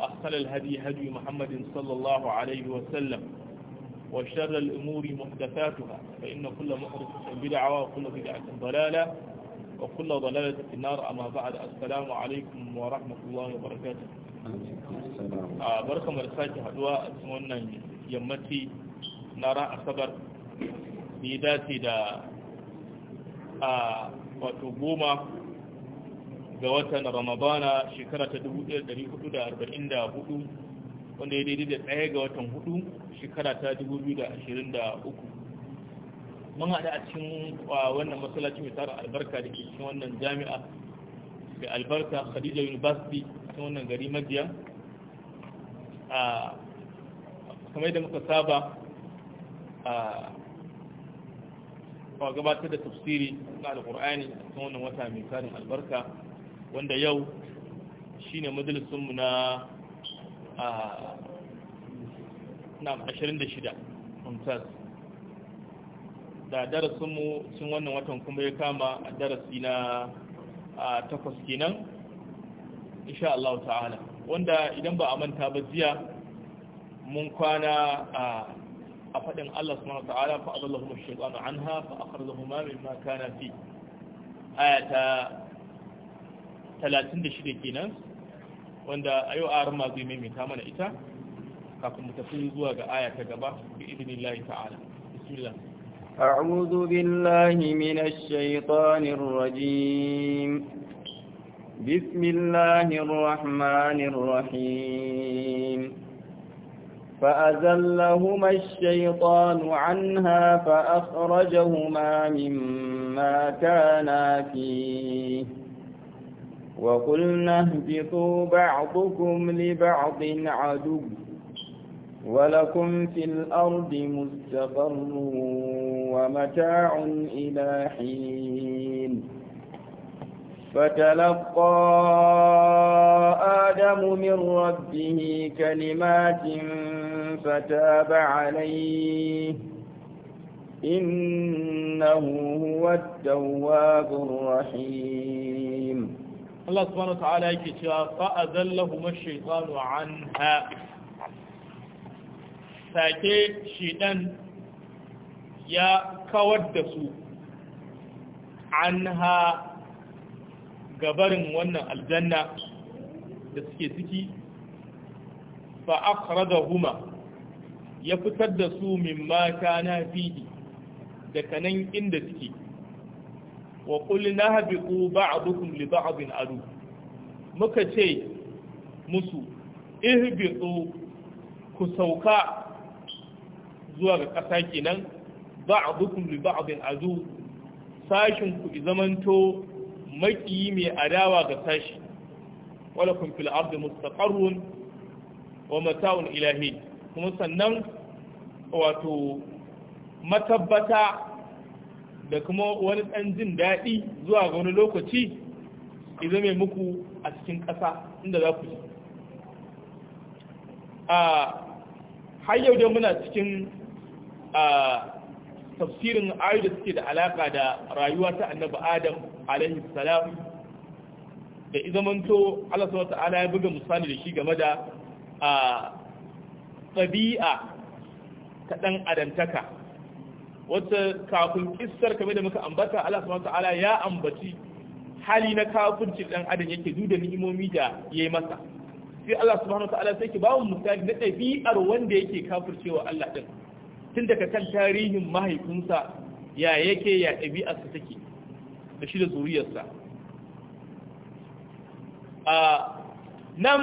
وأحسن الهدي هدي محمد صلى الله عليه وسلم وشر الأمور محدثاتها فإن كل محدثة بدعة وكل بدعة ضلالة وكل ضلالة في النار أما بعد السلام عليكم ورحمة الله وبركاته آه، بركة مرساك هدواء أسمونا يمتي نرى أصبر ذاتي دا آه، وتبوما ga watan ramadana shekara ta 1444 wanda ya daidai da tsaye ga watan hudu shekara ta 2023 mun haɗa a cikin wannan masallaci mai tara albarka da ke cikin wannan jami'a da albarka khadija university cikin wannan gari majiya a kamar yadda muka saba a gabatar da tafsiri na alkur'ani a cikin wannan wata mai tarin albarka wanda yau shi ne majalisunmu na na 26 mumtaz da darasinmu sun wannan watan kuma ya kama a darasi na takwas kenan insha Allah ta'ala wanda idan ba a manta ba jiya mun kwana a faɗin Allah subhanahu ta'ala fa adallahu shaytanu anha fa akhrajahu ma mimma kana fi ayata 36 kenan wanda a yau a ma zai maimaita mana ita kafin mu tafi zuwa ga aya ta gaba bi idinillahi ta'ala bismillah أعوذ بالله من الشيطان الرجيم بسم الله الرحمن فأزلهما الشيطان عنها فأخرجهما مما كانا فيه وقلنا اهبطوا بعضكم لبعض عدو ولكم في الأرض مستقر ومتاع إلى حين فتلقى آدم من ربه كلمات فتاب عليه إنه هو التواب الرحيم Allah subhanahu ta'ala yake cewa fa azallahu mashaytanu anha sake shedan ya kawar da su anha gabarin wannan aljanna da suke ciki fa akradahuma ya fitar da su mimma kana fihi da kanan inda suke wa qulna nahbiqu ba'dukum li ba'din adu muka ce musu ihbiqu ku sauka zuwa ga kasa kenan ba'dukum li ba'din adu sashin ku zamanto maki mai adawa ga sashi walakum fil ardi mustaqarrun wa mata'un ilahi kuma sannan wato matabbata da kuma wani ɗan jin daɗi zuwa ga wani lokaci izo mai muku a cikin ƙasa inda za ku ji har yau dai muna cikin tafsirin ayu da suke da alaƙa da rayuwa ta annabi adam alaihi salam da izamanto Allah subhanahu ta'ala ya buga misali da shi game da ɗabi'a ta ɗan adamtaka wata kafin kissar kamar da muka ambata Allah subhanahu ta'ala ya ambaci hali na kafincin dan adam yake duda ni'imomi da yayi masa sai Allah subhanahu ta'ala sai ke ba mu misali na ɗabi'ar wanda yake kafircewa Allah din tun daga kan tarihin mahaifinsa ya yake ya ɗabi'arsa take da shi da zuriyarsa a nan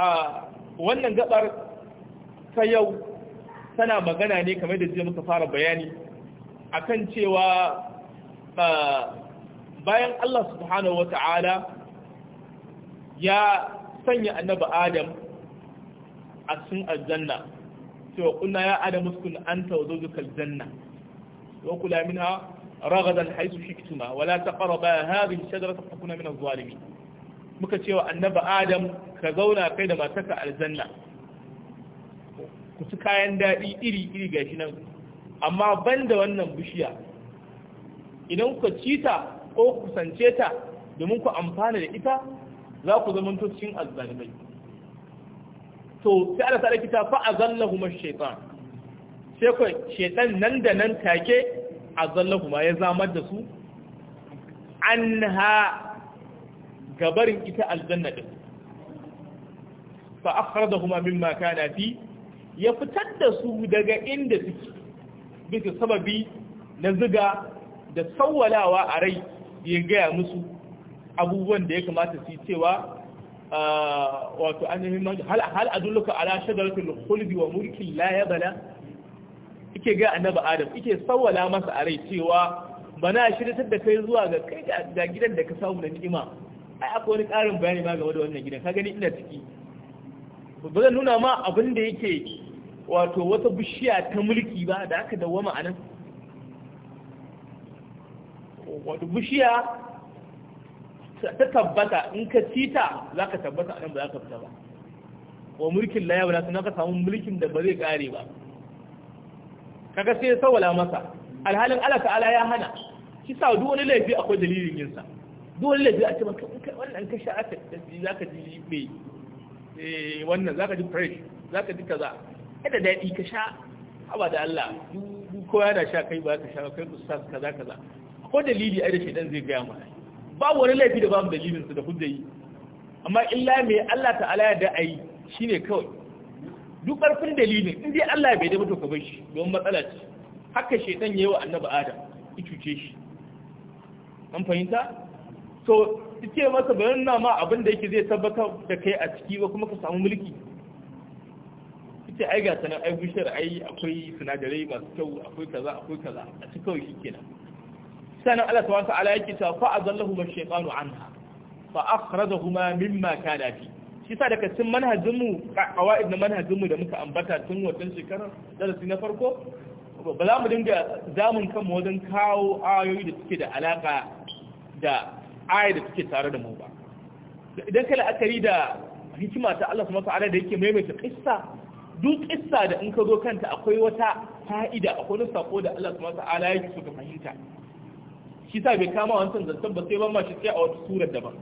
a wannan gabar ta yau tana magana ne kamar da zai muka fara bayani akan cewa bayan Allah subhanahu wata'ala ya sanya annabi Adam a sun aljanna cewa kunna ya Adam uskun anta wa zawjuka aljanna wa kula minha ragadan haythu shiktuma wa taqraba hadhihi shajarata fatakuna min adh-dhalimin muka cewa annabi Adam ka zauna kai da matarka aljanna ku ci kayan daɗi iri-iri ga shi nan amma ban da wannan bishiya idan ku ci ta ko kusance ta domin ku amfana da ita za ku zama cikin azzalimai to sai ala sa kita fa azallahu shaitan sai ku shaitan nan da nan take azallahu ma ya zamar da su anha gabarin ita aljanna din fa akhradahuma mimma kana fi ya fitar da su daga inda suke bisa sababi na ziga da tsawalawa a rai ya gaya musu abubuwan da ya kamata su cewa wato ainihin hal adulluka ala shajaratul khuldi wa mulkin layabala ike ga naba adam ike tsawala masa a rai cewa bana shirtar da kai zuwa ga kai ga gidan da ka samu da ni'ima ai akwai wani ƙarin bayani ma game da wannan gidan ka gani ina ciki ba zan nuna ma abin da yake wato wata bishiya ta mulki ba da aka dawama a nan wato bishiya ta tabbata in ka cita za ka tabbata a nan ba za ka fita ba wa mulkin laya wala sun ka samu mulkin da ba zai kare ba kaga sai ya sawala masa alhalin Allah ta'ala ya hana shi sa duk wani laifi akwai dalilin yinsa duk wani laifi a ce maka wannan ka sha aka za ka ji mai eh, wannan za ka ji fresh za ka ji kaza kada daɗi ka sha haba da Allah duk kowa da sha kai ba ka sha kai ustaz kaza kaza ko dalili ai da shedan zai gaya mana babu wani laifi da babu dalilin su da yi. amma illa me Allah ta'ala ya da ai shine kawai duk ƙarfin dalilin in dai Allah bai da mutu ka bar shi don matsala ce haka shedan yayi wa annabi Adam ya cuce shi an fahimta so ce masa bayan na ma abin da yake zai tabbatar da kai a ciki ba kuma ka samu mulki ita ai gata ai ai akwai sinadarai masu kyau akwai kaza akwai kaza a ci kawai shikenan sanan Allah tabaraka ta'ala yake fa azallahu shaytanu anha fa akhrajahuma mimma kana fi shi sa daga cikin manhajin mu qawaid na manhajin mu da muka ambata tun wannan shekarar darasi na farko ba za mu dinga zamun kanmu wajen kawo ayoyi da suke da alaka da da suke tare da mu ba idan la'akari da hikima ta Allah subhanahu wa ta'ala da yake maimaita kissa duk kissa da in ka zo kanta akwai wata fa'ida akwai wani sako da Allah subhanahu ta'ala Ya so ka fahimta shi sa bai kama wancan zancen ba sai ban ma shi sai a wata surar daban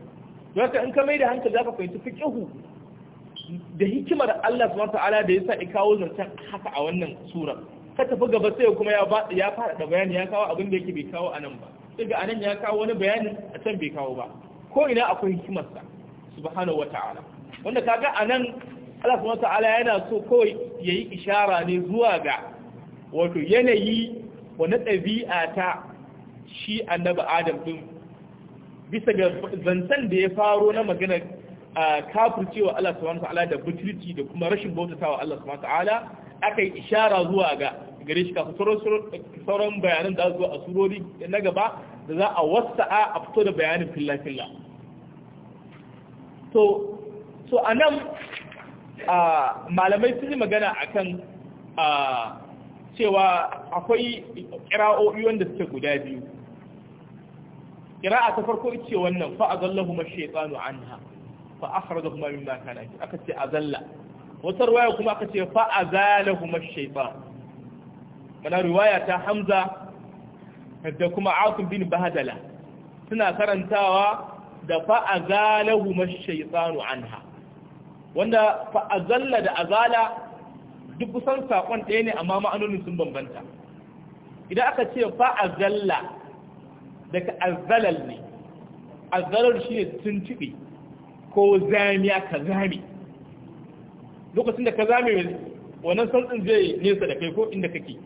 don haka in ka mai da hankali zaka fahimci fiqhu da hikimar Allah subhanahu ta'ala da yasa ya kawo zancen haka a wannan surar ka tafi gaba sai kuma ya ya fara da bayani ya kawo abin da yake bai kawo anan ba sai ga anan ya kawo wani bayani a can bai kawo ba ko ina akwai hikimarsa subhanahu wata'ala wanda kaga anan Allah subhanahu ta'ala yana so kawai yi ishara ne zuwa ga wato yanayi wani ɗabi'a ta shi annabi Adam ɗin bisa ga zancen da ya faro na magana kafircewa Allah subhanahu ta'ala da butulci da kuma rashin bautatawa Allah subhanahu ta'ala aka yi ishara zuwa ga gare shi kafin sauran bayanan da zuwa a surori na gaba da za a wasa a fito da bayanin fillafilla So, so a nan malamai sun yi magana akan cewa akwai ƙira'o'i wanda suke guda biyu ƙira'a ta farko ce wannan fa'azallahu mashaitanu anha fa'akhrajahu mimma kana aka ce azalla wata ruwaya kuma aka ce fa'azalahu mashaitan mana ruwaya ta Hamza da kuma Asim bin Bahadala suna karantawa da fa'azalahu mashaitanu anha wanda fa da azala duk kusan sakon ɗaya ne amma ma'anonin sun bambanta idan aka ce fa azalla daga azalal ne azalar shi ne tuntuɓe ko zamiya ka zami lokacin da ka zami wannan santsin zai nesa da kai ko inda kake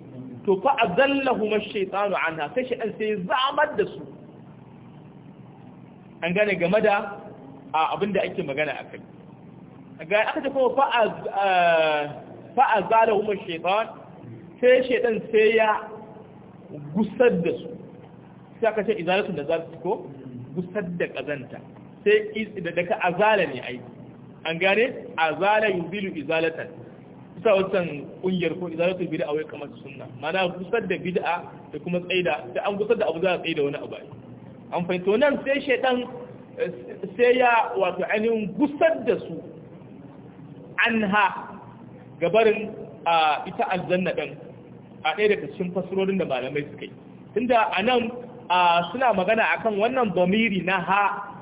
to fa kuma mashaitanu tsano, ana shi an sai zamar da su an gane game da abin da ake magana a kai ga aka ce kuma fa'a da kuma shaitan sai shaitan sai ya gusar da su sai aka ce izalatun da za su ko gusar da ƙazanta sai idan daga azala ne aiki an gane azala bilu izalatar bisa wancan kungiyar ko izalatu bid'a wai kamar suna. mana gusar da bid'a da kuma tsaida da an gusar da abu za a tsaida wani abu an fahimta nan sai shaitan eh, sai ya wato ainihin gusar da su An ha gabarin ita aljanna din a ɗaya daga cikin fasirorin da malamai suka yi tunda a nan suna magana akan wannan bamiri na ha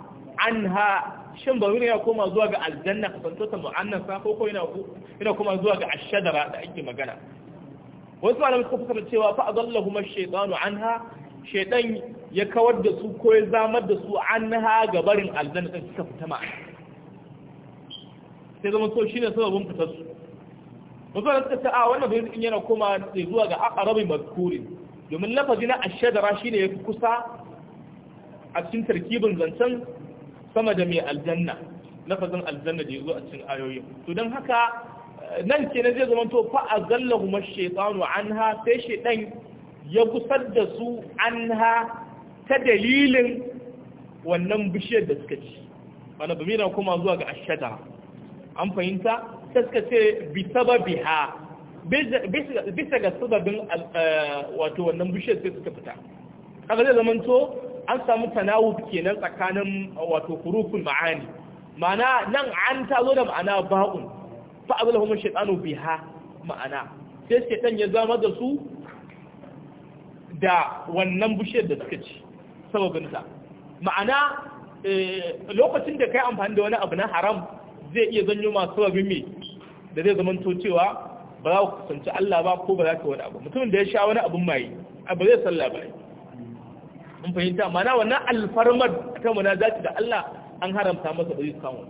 an ha shin bamiri ya koma zuwa ga aljanna kasanto ta mu'annan sa ko ko yana koma zuwa ga ashadara da ake magana wasu malamai suka fasara cewa fa adallahu ash an ha shaidan ya kawar da su ko ya zamar da su an ha gabarin aljanna suka fita ma'a sai zama to shine sababin fitar su musamman suka ta a wannan bai in yana koma da zuwa ga arabi mazkuri domin lafazi na ashadara shi ya fi kusa a cikin tarkibin zancen sama da mai aljanna lafazin aljanna da zo a cikin ayoyin to don haka nan na zai zama to kuma azallahu an ha sai shedan ya kusar da su ha ta dalilin wannan bishiyar da suka ci wani bamina kuma zuwa ga ashadara an fahimta saska suka ce ba biha bisa ga sababin eh, wato wannan bishiyar sai suka fita kaga zai zama to an samu tanawu kenan tsakanin wato huruful ma'ani ma'ana nan an ta zo da ma'ana ba'un fa abul huma shaytanu biha ma'ana sai shaytan ya zama da su da wannan bishiyar da suka ci sababin ta ma'ana eh, lokacin da kai amfani da wani abu na haram zai iya zanyo masu sababin me da zai to cewa ba za ku kusanci Allah ba ko ba za ka wani abu mutumin da ya sha wani abin mai ba zai sallah ba in fahimta mana wannan alfarmar ta munazati da Allah an haramta masa da zai samu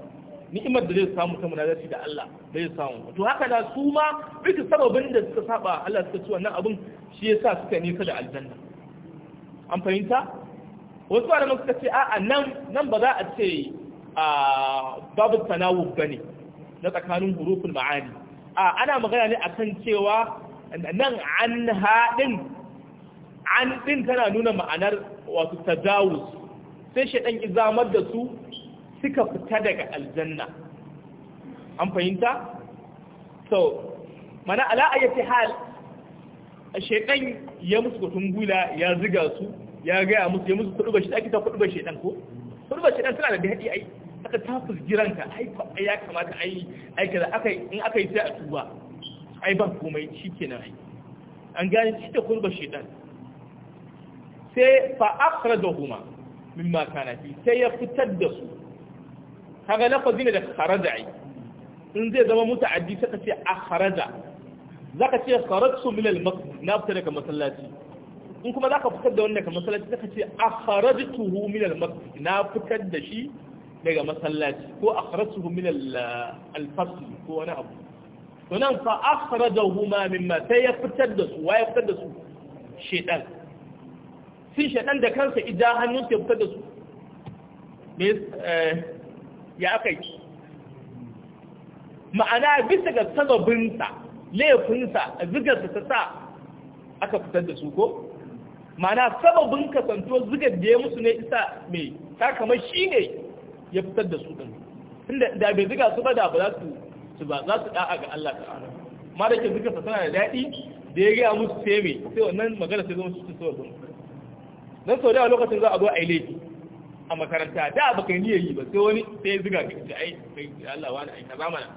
ni'imar da zai samu ta munazati da Allah da zai samu to haka da su ma bisa sababin da suka saba Allah suka ci wannan abin shi yasa suka nisa da aljanna an fahimta wasu da suka ce a'a nan nan ba za a ce babu ba bane na tsakanin hurufin ma'ani ana magana ne akan cewa nan an haɗin an ɗin tana nuna ma'anar wasu tajawus sai shaɗan izamar da su suka fita daga aljanna an fahimta? so mana ala'ayyar hal A shaɗan ya musu kutun gula ya ziga su ya gaya musu ya musu kudu ba shi ɗaki ta kudu ba shaɗan ko? kudu ba shaɗan suna da daɗi ai aka ta jiranka ka ya kamata ai ai kaza aka in aka yi sai a tuba ai ba komai shikenan ai an gane shi da kurba shedan sai fa akhrajahuma mimma na fi sai ya fitar da su kaga lafazi ne da kare da ai in zai zama muta'addi saka ce za zaka ce kharajtu min al-masjid na fita daga masallaci in kuma za ka fitar da wannan daga masallaci zaka ce akhrajtuhu min al-masjid na fitar da shi daga masallaci ko a akhrasuhu min al-fasl ko wani abu to nan fa akhrajahuma mimma sai ya fitar da su ya fitar da su shedan Sun shedan da kansa idan hannun ya fitar da su me eh, ya akai ma'ana bisa ga sababinsa laifinsa zigarsa ta sa aka fitar da su ko ma'ana sababin kasantuwar zigar da ya musu ne isa mai ta kamar shi ne ya fitar da su ɗin tunda da bai ziga su ba da ba za su su ba za su da'a ga Allah ta'ala ma da ke zuga su suna da daɗi da ya gaya musu sai me sai wannan magana sai zo musu cikin sauran dan sau da lokacin za a zo a yi laifi a makaranta da baka yi niyyar yi ba sai wani sai ya zuga ka kai ai Allah wani ai kaza mana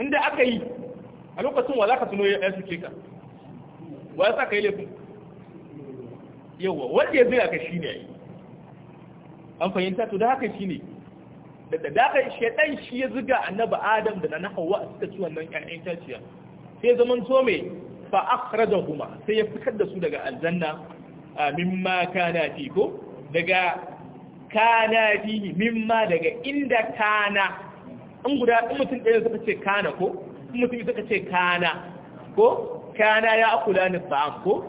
inda aka yi a lokacin wa za ka tuno ya suke ka wa ya sa ka yi laifin yauwa wanda ya zira ka shi ne an fahimta to da haka shine da da haka shedan shi ya zuga annabi adam da na hawa a suka ci wannan ƴaƴan taciya sai zaman to me fa akhrajahuma sai ya fitar da su daga aljanna mimma kana fi ko daga kana fi mimma daga inda kana in guda in mutum ɗaya suka ce kana ko in mutum suka ce kana ko kana ya akula ni sa'am ko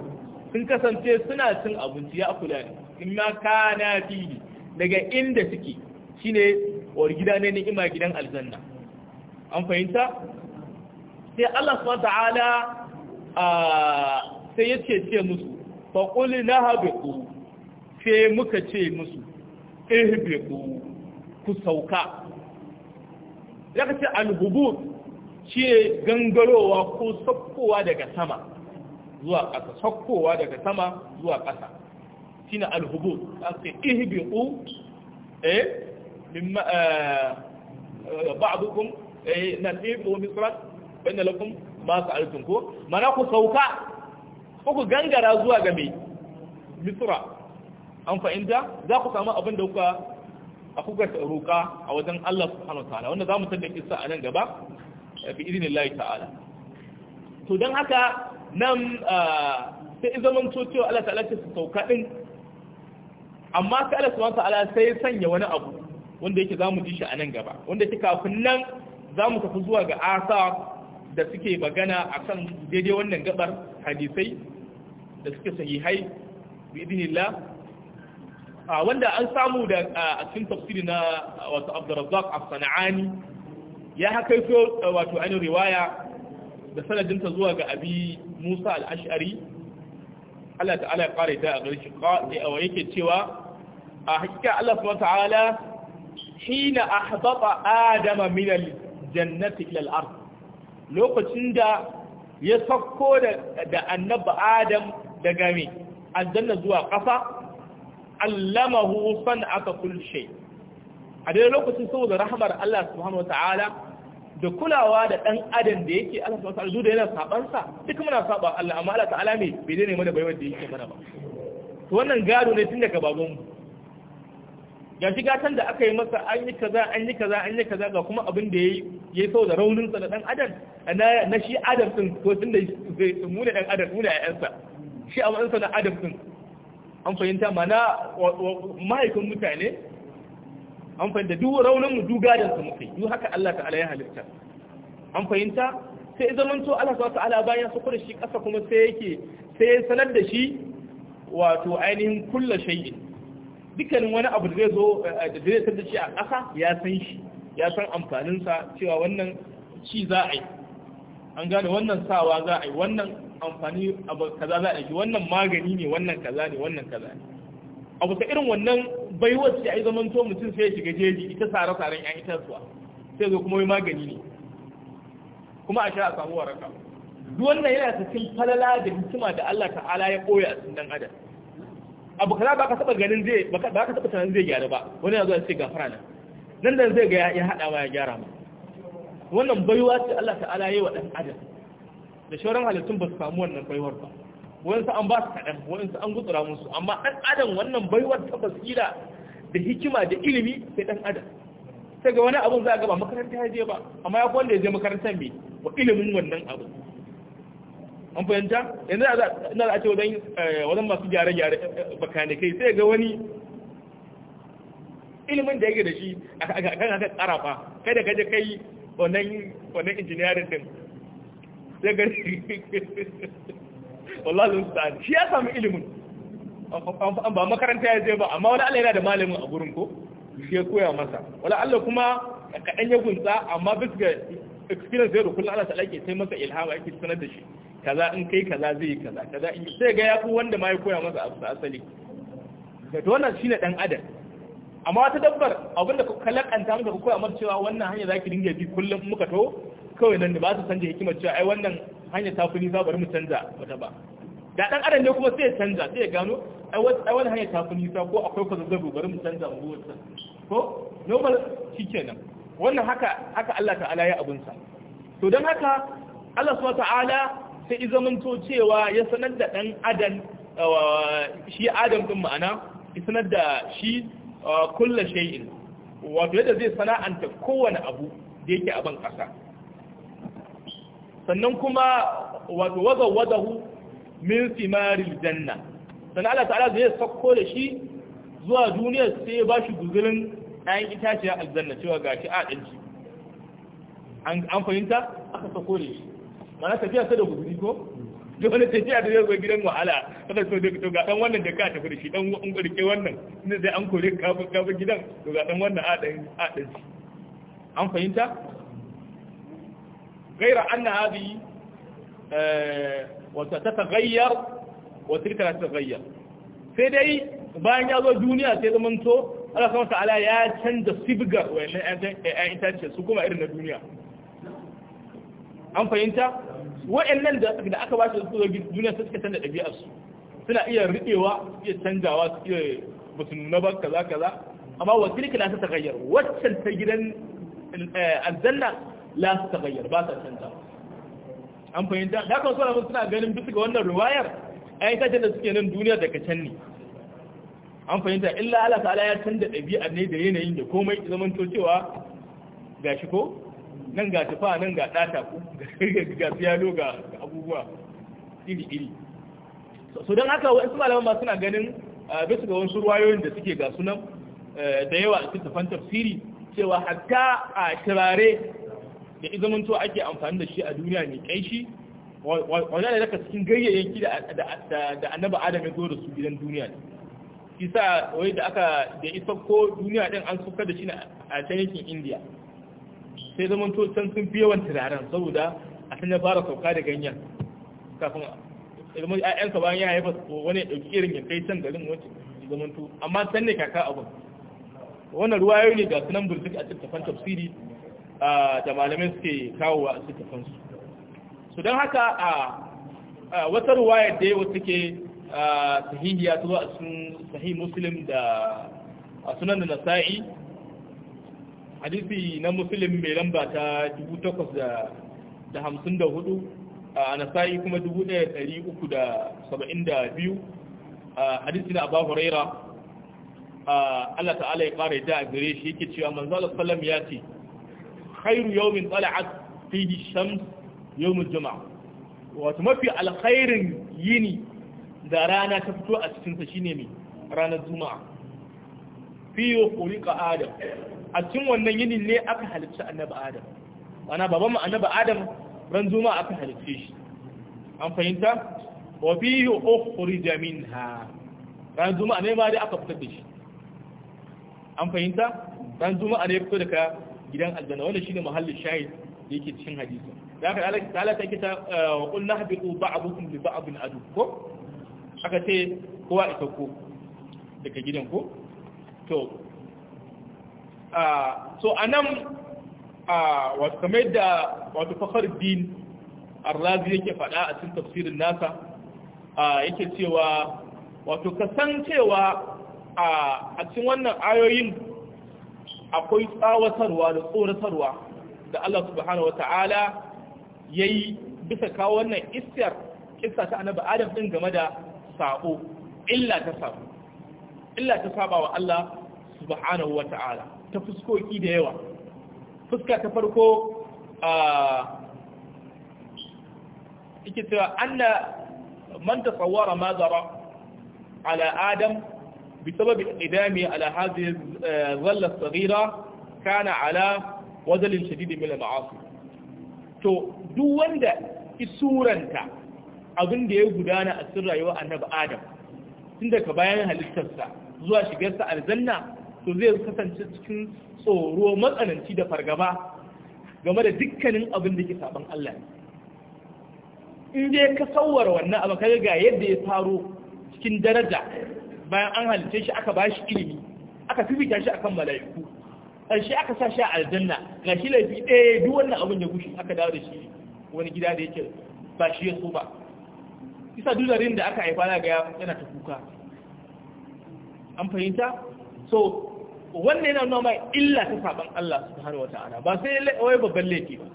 sun kasance suna cin abinci ya akula ni in ma kana fi daga inda suke shine war gida ne ni'ima gidan aljanna an fahimta sai Allah subhanahu ta'ala sai yace ce musu fa qul ku sai muka ce musu ihbiqu ku sauka ka ce al shi shi gangarowa ko sakkowa daga sama zuwa ƙasa sakkowa daga sama zuwa ƙasa shine alhubut ake ihbiqu eh mimma eh, ba'dukum eh nan ihbiqu min lakum ma sa'altum ko mana ku sauka ko ku gangara zuwa ga me misra an fa'inda za ku samu abin da kuka akuka roƙa a wajen Allah subhanahu wa ta'ala wanda za mu tabbata kissa a nan gaba eh, bi idinillahi ta'ala to don haka nan eh, sai zaman to cewa Allah ta'ala ce su sauka din amma sai Allah subhanahu ala sai sanya wani abu wanda yake zamu ji shi a nan gaba wanda yake kafin nan zamu tafi zuwa ga asa da suke magana akan daidai wannan gabar hadisai da suke sahihai bi idinillah wanda an samu da a cikin tafsiri na wato Abdurrazzaq As-Sana'ani ya so wato an riwaya da sanadinta zuwa ga Abi Musa Al-Ash'ari Allah ta'ala ya kare ta a garin shi yake cewa a hakika Allah subhanahu ta'ala hina ahbata adama min al-jannati ila lokacin da ya sako da annaba adam daga me aljanna zuwa ƙasa allamahu san'ata kulli shay a dai lokacin saboda rahmar Allah subhanahu ta'ala da kulawa da ɗan adam da yake Allah subhanahu wataala da yana saban sa duk muna saba Allah amma Allah ta'ala ne bai ne mana baiwar da yake mana ba to wannan gado ne tun daga babanmu yanzu gatan da aka yi masa an yi kaza an yi kaza an yi kaza ga kuma abin da ya yi sau da raunin sa da dan adam na shi adam sun ko sun da mu da dan adam mu da ƴaƴansa shi a matsayin na adam sun an fahimta mana mahaifin mutane an fahimta duk raunin mu duk gadan su muke duk haka Allah ta'ala ya halitta an fahimta sai zaman to Allah ta'ala bayan su kura shi kasa kuma sai yake sai sanar da shi wato ainihin kullu shay'in dukkanin wani abu da zai zo eh, eh, da zai san da shi a ƙasa ya san shi ya san amfaninsa cewa wannan ci za a yi an gane wannan sawa za a yi wannan amfani abu kaza za a yi wannan magani ne wannan kaza ne wannan kaza ne abu ta irin wannan baiwar ce ai zaman to mutum sai ya shiga jeji ita sare tsaren yan itatuwa sai zo kuma wai magani ne kuma a sha a samu waraka duk wannan yana cikin falala da hikima da Allah ta'ala ya koya a cikin dan adam abu kaza ba ka taba ganin zai ba ka taba tunanin zai gyara ba wani ya zo ya ce gafara nan nan da zai ga ya hada ma ya gyara ma wannan baiwa ce Allah ta'ala yayi wa dan adam da shauran halittun ba su samu wannan baiwar ba wayansu an ba su kaɗan wayansu an gutsura musu amma dan adam wannan baiwar ta basira da hikima da ilimi sai dan adam sai ga wani abun za a gaba makaranta ya je ba amma ya kwanda ya je makarantar mai wa ilimin wannan abun an fahimta yanzu ina da ake wajen eh, masu gyare-gyare eh, bakanikai sai ga wani ilimin da yake da shi a kan haka tsarafa kai da kaje kai wannan engineering din sai ga wallah sa'ad shi ya sami ilimin ba makaranta ya je ba amma wani allah yana da malamin a gurin ko shi ya koya masa wani allah kuma kaɗan ya gunsa amma bisa ga experience zai da kullum ana ta alaƙe sai masa ilhama yake sanar da shi kaza in kai kaza zai yi kaza kaza in sai ga yafi wanda ma ya koya masa abu asali da to wannan shine dan adam amma wata dabbar abinda ku kalakanta da ku koya masa cewa wannan hanya zaki dinga bi kullum muka to kawai nan da ba su canja hikimar cewa ai wannan hanya ta fi nisa bari mu canza wata ba da dan adam ne kuma sai ya canza sai ya gano ai wani hanya ta fi nisa ko akwai kwazazzabu bari mu canza mu wata ko normal shikenan wannan haka haka Allah ta'ala ya abunsa to don haka Allah subhanahu ta'ala ta izamanto cewa ya sanar da ɗan adam uh, shi adam ɗin ma'ana ya sanar da shi uh, kulla shay'in wato yadda zai sana'anta kowane abu da yake a ban ƙasa sannan kuma wato wazawadahu min simaril janna sannan Allah ta'ala zai sakko da shi zuwa duniyar sai ba shi guzurin ɗayan itaciyar aljanna cewa shi a ɗanci an fahimta aka sakko da shi mana tafiya sai da guzuri ko dole tafiya da zai gidan wahala kada so da to ga dan wannan da ka tafi da shi dan an gurke wannan ne sai an kore ka ka gidan to ga dan wannan a dan a dan an fahimta gaira anna hadi eh, wata ta tagayyar wata ta tagayyar sai dai bayan ya zo duniya sai zaman to Allah kuma ta'ala ya canza sibgar wayannan ƴan itace su kuma irin na duniya an fahimta wa'annan da aka ba shi da duniya su suka canza ɗabi'ar su suna iya riɗewa su iya canjawa su iya ba nuna ba kaza kaza amma wa tilka la ta gayyar waccan ta gidan eh, aljanna la ta gayyar ba ta canza an fahimta da kan sauran suna ganin bisa ga wannan ruwayar ai ta canza suke nan duniya daga can ne an fahimta illa Allah ta'ala ya canza ɗabi'ar ne da yanayin da komai zaman to cewa gashi ko nan ga tufa nan ga ɗata ga fiyano ga abubuwa iri-iri so don haka wasu malaman suna ganin bisa ga wasu ruwayoyin da suke ga sunan e, da yawa a cikin tafsiri cewa hatta a turare da izamanto ake amfani da shi a duniya mai shi wannan da daga cikin gayyayyaki da annaba adam ya zo da su gidan duniya kisa wai da aka da isa ko duniya ɗin an suka da shi a can indiya sai zaman to can sun fi yawan turaren saboda a san ya fara sauka da ganyen kafin ilmin ƴaƴansa bayan ya haifa wani ya ɗauki irin ya kai can garin wacce zaman to amma san ne kaka abu wannan yau ne ga sunan burtuk a tattafan tafsiri da malamai suke kawo a tattafan su su don haka a wata ruwa yadda wata ke sahihiyya ta zo a sun sahih muslim da a sunan da nasa'i hadisi na musulun mai lamba ta 854 a nasa'i kuma 1372 hadisi na abu huraira Allah ta'ala ya ƙara da a gare shi yake cewa manzala salam ya ce khairu yawmin tsala'at fihi shams yawmin juma'a wato mafi alkhairin yini da rana ta fito a cikinsa shine mai ranar juma'a fiye kulika adam a cikin wannan yinin ne aka halicci annabi adam ana baban mu annabi adam ran zuma aka halicce shi an fahimta wa fihi ukhrija minha ran zuma ne ma dai aka fitar da shi an fahimta ran zuma ne fito daga gidan aljanna wanda shine mahallin shahid da yake cikin hadisi da aka Allah ta'ala ta kita eh, wa qul nahbitu ba'dukum li ba'din adu ko aka ce kowa ita ko daga gidan ko to Ah, so a nan ah, wato kamar da wato fakhardin arrazi yake faɗa a cikin tafsirin nasa ah, yake cewa wato cewa a cikin wannan ayoyin akwai tsawatarwa da tsoratarwa da Allah subhanahu wa ta'ala ya yi bisa kawo wannan istiyar kisa ta annabi adam din game da sabo illa ta sabo illa ta saba wa Allah subhanahu wa ta'ala ta fuskoki da yawa fuska ta farko a ike cewa anna man tasawwara ma zara ala adam بسبب انعدامه على هذه الظلة الصغيرة كان على وزل شديد من المعاصي to duk wanda isuranta abin da ya gudana a cikin rayuwar annabi Adam tun daga bayan halittarsa zuwa shigarsa aljanna to zai kasance cikin tsoro matsananci da fargaba game da dukkanin abin da ke saban Allah in dai ka sauwar wannan abu kaga ga yadda ya faro cikin daraja bayan an halice shi aka bashi ilimi aka fifita shi akan mala'iku ƙarshe aka sa shi a aljanna ga shi laifi ɗaya duk wannan abin ya gushi aka dawo da shi wani gida da yake ba shi ya so ba isa dularin da aka haifa ga yana ta kuka an fahimta so wannan yana nuna mai illa ta saban Allah subhanahu wata'ala ba sai wai babban laifi ba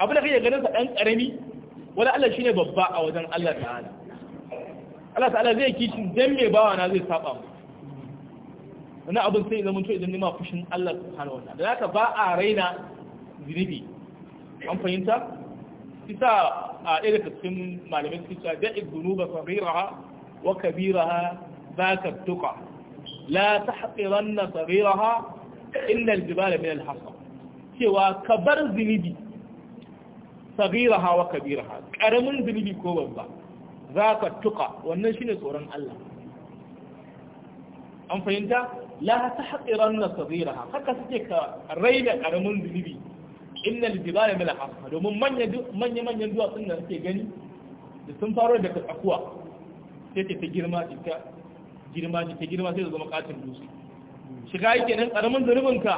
abu da kake ganin sa dan karami Wani Allah shi ne babba a wajen Allah ta'ala Allah ta'ala zai kishin dan mai bawa na zai saba mu wannan abin sai zama to idan nima fushin Allah subhanahu wata'ala da haka ba a raina zinibi. an fahimta isa a ɗaya daga cikin malamin cikin da izunuba sabiraha wa ba ka tuqa la tahqiranna sariraha inna al-jibala min al-hasab cewa ka bar zunubi sagiraha wa kabiraha karamin zinibi ko babba zaka tuka wannan shine tsoron Allah an fahimta la tahqiranna sagiraha haka suke ka raina karamin zinibi zunubi innal jibala min al-hasab domin manya manyan duwatsun da suke gani da sun faro daga tsakuwa sai ta girma ita girma ta girma sai zama katin dutse shiga yake nan karamin zunubin ka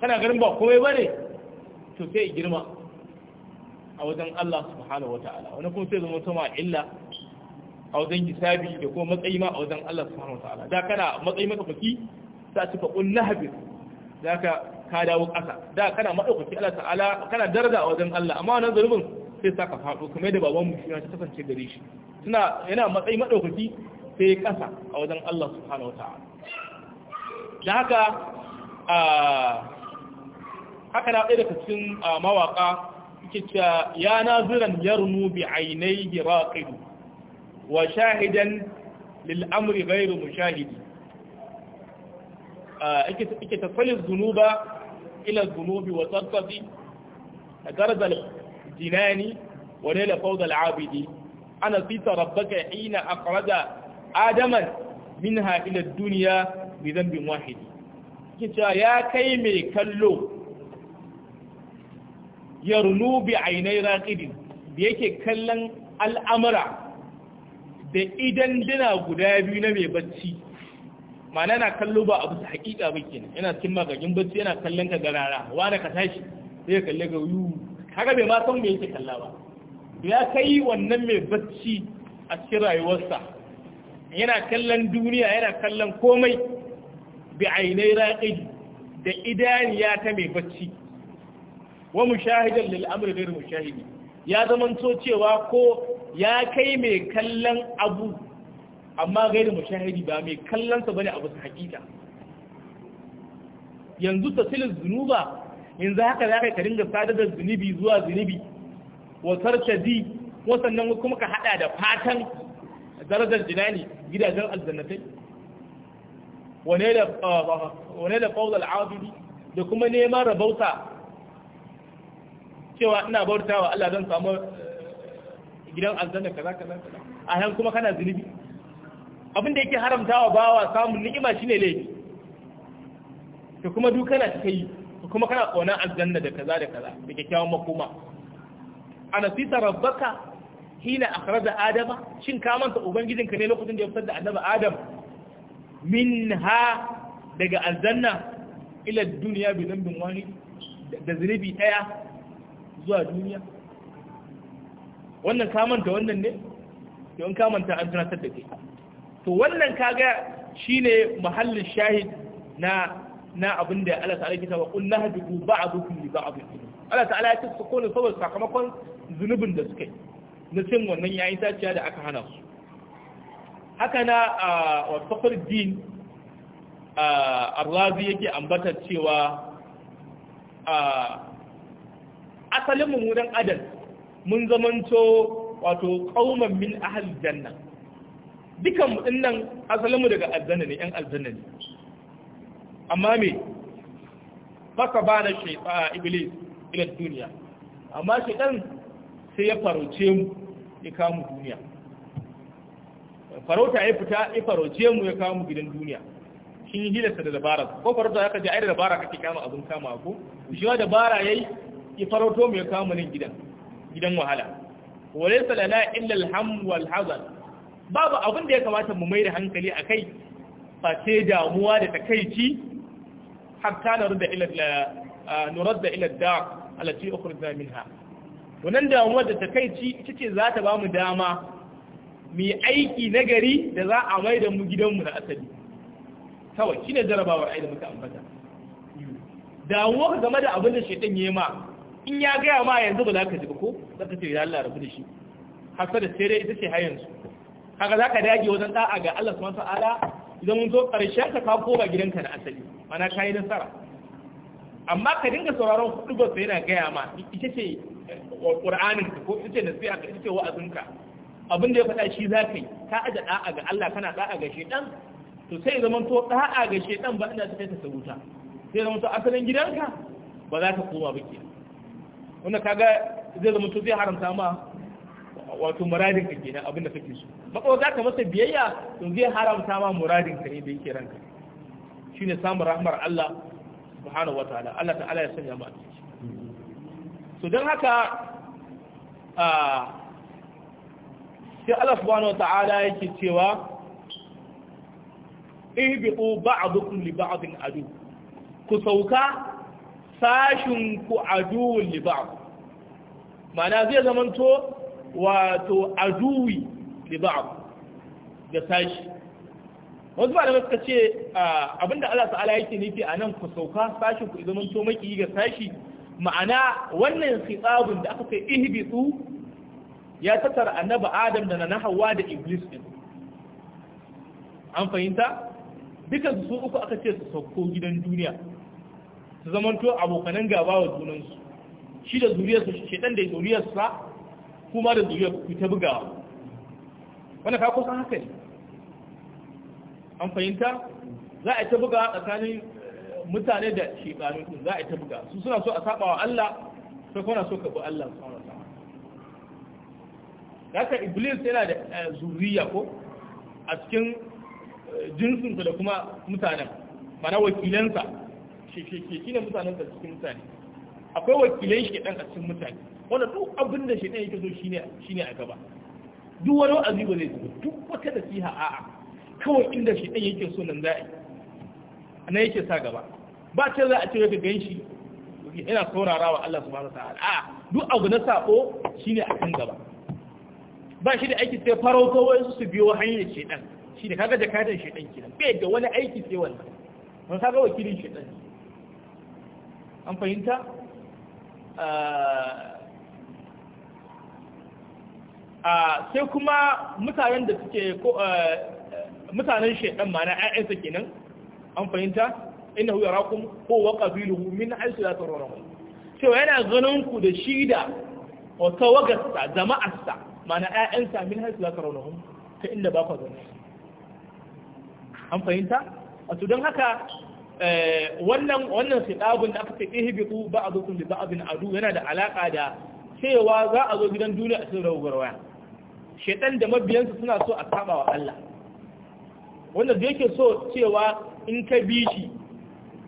kana ganin ba komai ne to sai girma a wajen Allah subhanahu wataala wani kuma sai zama sama illa a wajen hisabi da kuma matsayi ma a wajen Allah subhanahu wataala da kana matsayi maka faki sa cika kullu habis zaka ka dawo ƙasa da kana madaukaki Allah ta'ala kana daraja a wajen Allah amma wannan zunubin sai saka faɗo kamar da baban mu shi ta kasance gare shi suna yana matsayi madaukaki sai kasa a wajen Allah subhanahu wa ta'ala da haka a haka na ɗaya daga cikin mawaƙa yake cewa ya naziran yarnu bi ainihi raqidu wa shahidan lil amri ghairu mushahidi yake yake tafali dhunuba ila dhunubi wa tarqati daraja al jinani wa la fawda al abidi ana sita rabbaka hina aqrada adaman minha ila duniya bi zambin wahidi yake cewa ya kai mai kallo yarnu bi ainai raqidin da yake kallon al'amura da idan dina guda biyu na mai bacci mana na kallo ba abu hakika ba kenan yana cikin magagin bacci yana kallon ka garara da ka tashi sai kalle ga yu haka bai ma san me yake kalla ba ya kai wannan mai bacci a cikin rayuwarsa yana kallon duniya yana kallon komai bi ainai raƙi da idaniya ta mai bacci wa mushahidan lil amri ghayr mushahidi ya zamanto cewa ko ya kai mai kallon abu amma ghayr mushahidi ba mai kallon sa bane abu hakika yanzu tasilin zunuba yanzu haka za ka dinga sadar da zunubi zuwa zunubi wa di wasannan kuma ka hada da fatan darajar jinani gidajen aljannatai wane da ah, ah, wane da da kuma neman rabauta cewa ina bautawa Allah don samu eh, gidan aljanna kaza kaza kaza a nan kuma kana zunubi abin da haramta wa bawa samun ni'ima shine laifi ta kuma duka na cika ta kuma kana kaunar aljanna da kaza da kaza da kyakkyawan makoma A nasita rabbaka hina akhraja adama shin ka manta ubangijinka ne lokacin da ya fitar da annabi adam ha daga aljanna ila duniya bi bin wani da zunubi daya zuwa duniya wannan ka manta wannan ne Da in kamanta an tunatar da kai to wannan kaga shine mahallin shahid na na abin da Allah ta'ala ke cewa qul nahdu ba'dukum li ba'd Allah ta'ala ya ce tsoko ne saboda sakamakon zunubin da suka yi na cin wannan yayin taciya da aka hana su haka na a wasafar din arzazi yake ambatar cewa asalin mummunan adal mun zamanto wato kauman min ahal janna dukan asalin asalinmu daga aljanna ne yan aljanna ne amma me baka ba na shaifa iblis ila duniya amma ɗan sai ya faruce mu ya kamu duniya farauta ya fita ya farauce mu ya kamu gidan duniya shi yi hilarsa da dabara ko farauta ya kaji ai da dabara kake kama abin kama ko shi ma dabara yayi ya farauto mu ya kamu nan gidan gidan wahala walaysa lana illa alham wal hazan babu abin da ya kamata mu mai da hankali akai sai damuwa da takaici hatta na rudda ila eh, nuradda ila dar allati ukhrijna minha wannan damuwar da ta takaici ita ce za ta ba mu dama mai aiki na gari da za a mai da mu gidanmu na asali kawai shi ne jarabawar ai da muka ambata damuwar game da abin da shaitan ya yi ma in ya gaya ma yanzu ba za ka ji ko za ka ce ya Allah rabu da shi hasa da sai dai ita ce har haka za ka dage wajen ɗa'a ga Allah masu ala? idan mun zo karshen ka ka koma gidanka na asali mana ka yi nasara amma ka dinga sauraron hudu ba yana gaya ma ita ce ƙur'anin ko ce ita nasiha ka ita wa'azinka abin da ya faɗa shi za ka yi ka aje da'a ga Allah kana ɗa'a ga shedan to sai zaman to da'a ga shedan ba ina take ta sai zaman to asalin gidanka ba za ta koma ba ke wanda kaga zai zaman to zai haramta ma wato muradin ka kenan abin da kake so ba ko za ka masa biyayya to zai haramta ma muradin ka ne da yake ranka shine samun rahmar Allah subhanahu wataala Allah ta'ala ya sanya mu a ciki to don haka sai Allah subhanahu wata'ala yake cewa ihbiqu ba'dukum li ba'din adu ku sauka sashin ku aduwun li mana zai zamanto wato aduwi li ga sashi wasu ba da suka ce abinda Allah ala yake nufi a nan ku sauka sashin ku zamanto maki ga sashi ma'ana wannan khitabun da aka kai ihbitu ya tattara annabi adam da nana hawa da iblis din an fahimta duka su uku aka ce su sauko gidan duniya su zamanto abokanan gaba wa junansu shi da zuriyarsa shedan da zuriyarsa kuma da zuriyar ku ta bugawa wannan ka kusa haka ne an fahimta za a ta buga tsakanin mutane da shebanu din za a ta buga su suna so a saba wa Allah sai kuna so ka bi Allah subhanahu wataala haka iblis yana da eh, zuriya ko a cikin eh, jinsinsa da kuma mutanen mana wakilansa shi ne mutanensa cikin mutane akwai wakilan ɗan a cikin mutane wanda duk abin da ɗan yake so shi ne a gaba duk wani wa'azi ba zai zuba duk wata nasiha a'a kawai inda shi ɗan yake so nan za'a na yake sa gaba ba ta za a ce ka gan shi yana saurara wa Allah subhanahu wa ta'ala a duk abu na sako shine a kan gaba ba shi da aiki sai farauto wayansu su biyo hanyar shedan shi da kaga jakadan shedan kenan bai da wani aiki sai wannan mun kaga wakilin shedan an fahimta a sai kuma mutanen da suke mutanen shedan ma na ayyansa kenan an fahimta innahu yarakum huwa wa qabiluhu min haythu la tarawnahum cewa yana ganin ku da shi da wata wagasta, jama'arsa mana ƴaƴansa min haythu la tarawnahum ta inda ba ku ganin an fahimta wato don haka eh, wannan wannan sidabun da aka ce ihbitu ba'dukum li ba'din adu yana da alaka da cewa za a zo gidan duniya a cikin rawar waya shedan da mabiyansa suna so a saba wa Allah wanda da yake so cewa in ka bi shi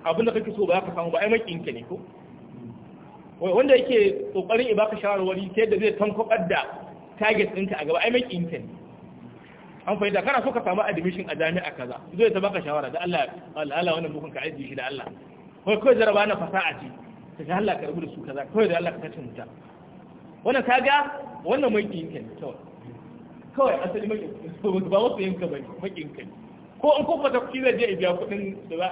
abin da kake so ba ka samu ba ai ka ne ko wanda yake kokarin ya baka shawarwari ta yadda zai tankobar da target ɗinka a gaba ai ka ne an fahimta kana so ka samu admission a jami'a kaza zai ta baka shawara da Allah Allah wannan bukun ka aiki shi da Allah kai kai jaraba na fasaha ce ta ga Allah ka da su kaza kai da Allah ka kace mutum wannan kaga wannan ka ne kawai kawai asali makinka ba wasu yanka bane ka ne ko in kuma ta kuɗi zai je ya biya kuɗin da za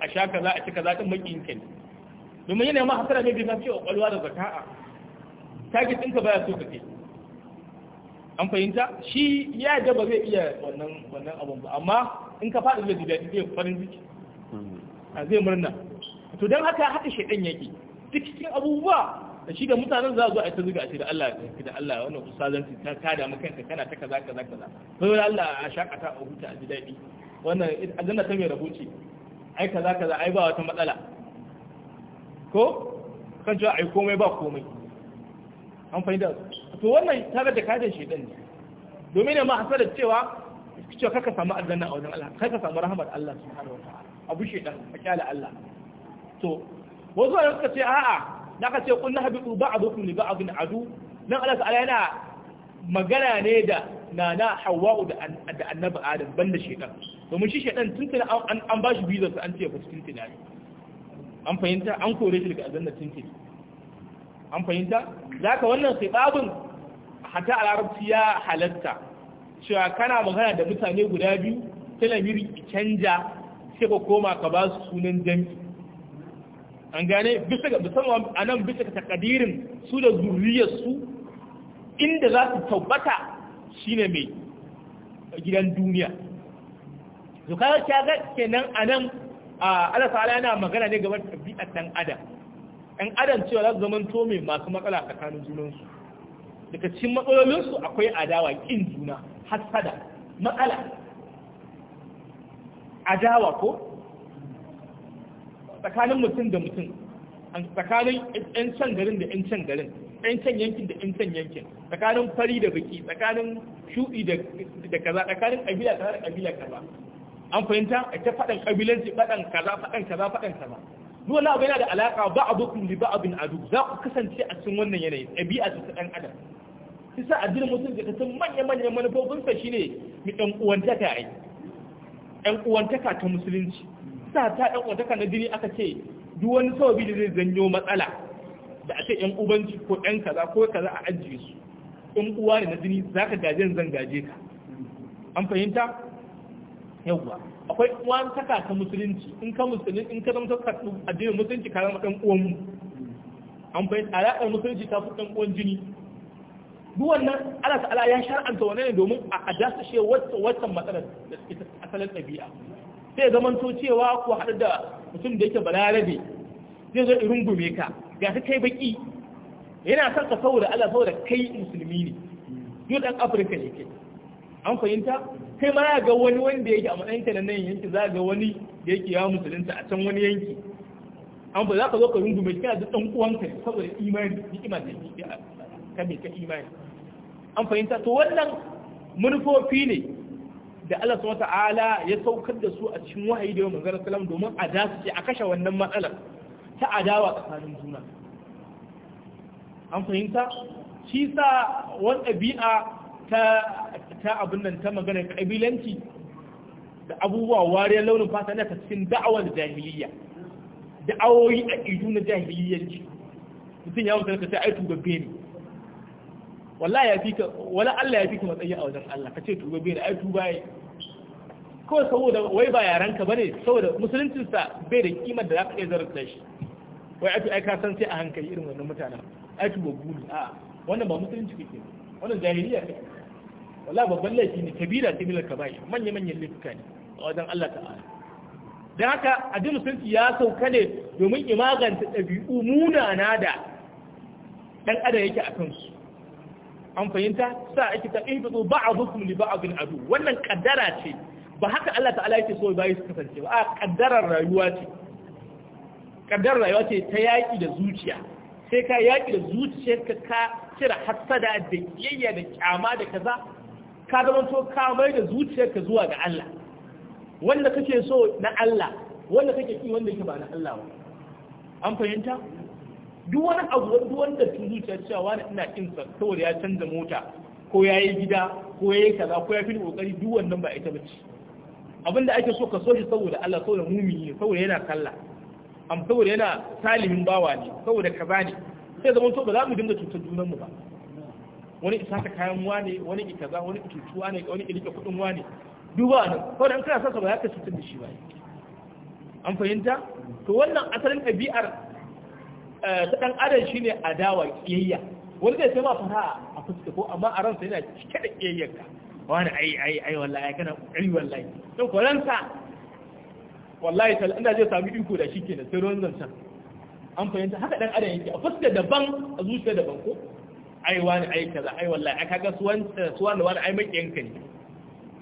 a sha kaza a cika kaza din makin ka ne domin yana ma hasara ne bai ma ce kwakwalwa da zaka'a target ɗinka baya so ka an fahimta shi ya ga ba zai iya wannan wannan abun ba amma in ka faɗi zai daɗi zai farin ciki a zai murna to don haka haka shaidan yake duk cikin abubuwa da shi da mutanen za zo a ta zuga a ce da Allah ka da Allah wannan zan ta kada maka kanka kana ta kaza kaza kaza to Allah a shakata a huta a ji daɗi wannan aljanna ta mai rabuci ai kaza kaza ai ba wata matsala ko kan cewa ai komai ba komai an fahimta to wannan ta da kadan shedan ne domin ne ma hasalar cewa cewa kaka samu aljanna a wajen Allah kaka samu rahmar Allah subhanahu wa ta'ala abu shedan a kyale Allah to wasu ne suka ce a'a da aka ce na habibu ba'dukum li ba'din adu nan Allah ta'ala yana magana ne da nana hawa'u da annabi adam banda shedan domin shi shedan tuntuna an ba shi bizar su an ce ku tuntuna ne an fahimta an kore shi daga azanna tuntuna an fahimta zaka wannan sibabin hatta a larabci ya halatta cewa kana magana da mutane guda biyu talamiri canja sai ka koma ka ba su sunan jami an gane bisa ga musamman a nan bisa ga takadirin su da su. inda za su tabbata shine mai gidan duniya zukarar ke nan a nan a ta'ala yana magana ne game da biyar ɗan adam ɗan adam cewa za su zama to mai masu matsala tsakanin junansu daga cikin matsalolinsu akwai adawa ƙin juna hasada matsala adawa ko tsakanin mutum da mutum tsakanin 'yan can garin da 'yan can garin ɗan can yankin da ɗan can yankin tsakanin fari da baki tsakanin shuɗi da kaza tsakanin ƙabila kaza da ƙabila kaza an fahimta a ta faɗan ƙabilanci faɗan kaza faɗan kaza faɗan kaza duk wani abu yana da alaƙa ba bukun da ba abin adu za ku kasance a cikin wannan yanayi ɗabi'a ta ɗan adam a addinin mutum da kasan manya-manyan manufofinsa ne mu ɗan uwantaka yi ɗan uwantaka ta musulunci sa ta ɗan uwantaka na jini aka ce duk wani sababi da zai zanyo matsala da a ce yan ubanci ko yan kaza ko kaza a ajiye su in uwa ne na jini za ka gaje zan gaje ka an fahimta yawwa akwai uwan taka ta musulunci in ka musulun in ka zama taka addinin musulunci ka zama dan uwan mu an fahimta alaƙar musulunci ta fi dan uwan jini duk wannan Allah ta'ala ya shar'anta wannan ne domin a adasa shi wacce wacce matsalar da suke asalin ɗabi'a sai zaman to cewa ko haɗu da mutum da yake balarabe zai zo irin gume ka ga ta kai baki yana son ka saboda Allah saboda kai musulmi ne duk dan Afirka ne kai an fahimta kai ma ga wani wanda yake a matsayin ka nan yanki za ga wani da yake ya musulunta a can wani yanki an ba za ka zo ka rungume kina da dan uwanka saboda imani ni'ima da yake ka mai ka imani an fahimta to wannan manufofi ne da Allah subhanahu wa ta'ala ya saukar da su a cikin wahayi da manzon sallallahu alaihi wasallam domin a dace a kashe wannan matsalar ta adawa tsakanin juna an fahimta shi sa wani ɗabi'a ta abin nan ta magana ƙabilanci da abubuwa wariyar launin fata na cikin da'awar jahiliya da'awoyi a idu na jahiliyyanci mutum ya mutu ka sai ai tugabbe ne wala Allah ya fi ka matsayi a wajen Allah ka ce bai da ai tuba yi kawai saboda wai ba yaran ka bane saboda musuluncinsa bai da kimar da za ka iya zarta shi wai atu ai ka san sai a hankali irin wannan mutanen Aiki ba gulu a wannan ba musulunci kake wannan jahiliya ne wala babban laifi ne kabira kabila kabai manya manyan laifuka ne a wajen Allah ta'ala dan haka addinin musulunci ya sauka ne domin imaganta ɗabi'u munana da dan adam yake a kansu an fahimta sa ake ta ihbitu ba'dukum li ba'din adu wannan kaddara ce ba haka Allah ta'ala yake so bai su kasance ba a kaddarar rayuwa ce kaddar rayuwa ce ta yaƙi da zuciya sai ka yaƙi da zuciyarka ka cire hassada da kiyayya da kyama da kaza ka zama to ka mai da zuciyarka zuwa ga Allah wanda kake so na Allah wanda kake ki wanda yake ba na Allah ba an fahimta duk wani abu duk wanda tun zuciya cewa wani ina kin sa saboda ya canza mota ko ya yi gida ko ya yi kaza ko ya fi kokari duk wannan ba ita bace abinda ake so ka so shi saboda Allah saboda mumini saboda yana kalla. am saboda yana salihin bawa ne saboda ka bani. sai zaman to ba za mu dinga cutar junan mu ba wani isa ta kayan wane wani ita kaza wani ki cutuwa ne wani ki kudin wa wane duba nan saboda an kana sasa ba za ka cutar da shi ba an fahimta to wannan asalin ɗabi'ar eh, ta ɗan adam shine adawa kiyayya wani zai sai ma fara a fuska ko amma a ransa yana cike da ka wani ai ai ai wallahi kana kokari wallahi to ko ransa wallahi tal Allah zai sami iko da shi kenan sai ruwan zance. an fahimta haka dan adam yake a fuska daban a zuciya daban ko ai wani ai kaza ai wallahi aka ga suwan suwan wani ai makiyan yanka ne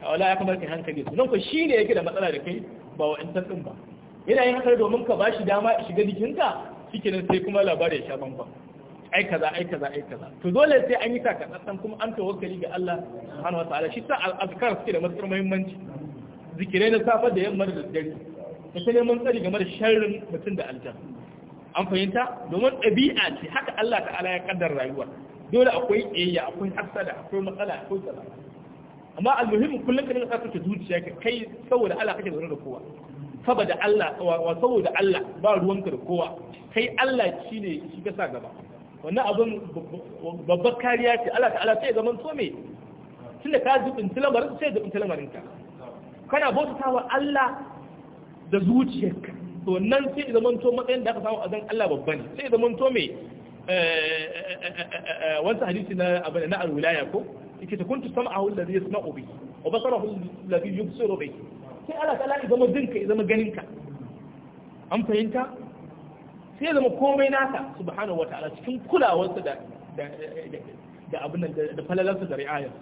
wallahi ya kamar ka hankali su nan ko ne yake da matsala da kai ba wa intan din ba yana yin haka domin ka bashi dama ya shiga jikinka shikenan sai kuma labarin ya sha bamban ai kaza ai kaza ai kaza to dole sai an yi san kuma an tawakkali ga Allah subhanahu ta'ala shi sa al-azkar suke da matsar muhimmanci zikirai na safa da yamma da daddare Ka ta neman tsari game da sharrin mutum da aljan an fahimta domin ɗabi'a ce haka Allah ta'ala ya kaddar rayuwa dole akwai ƙiyayya akwai hasada akwai matsala akwai tsara amma almuhimmin kullum ka ne ka ta zuciya ka kai saboda Allah kake zaune da kowa saboda Allah wa saboda Allah ba ruwanka da kowa kai Allah shine shi ka sa gaba wannan abin babbar kariya ce Allah ta'ala sai zaman so me tunda ka zubin tilamarin sai zubin tilamarin ka kana bautawa Allah da zuciyarka to nan sai zaman to matsayin da aka samu a zan Allah babban. sai zaman to mai eh, eh, eh, wanta hadisi na abin na alwilaya ko yake ta kuntu sam'ahu alladhi yasma'u bi wa basarahu alladhi yubsiru bi sai Allah ta'ala ya zama dinka ya zama ganinka an fahimta sai zama komai naka subhanahu wa ta'ala cikin kulawarsa da da abin nan da falalarsa da ri'ayar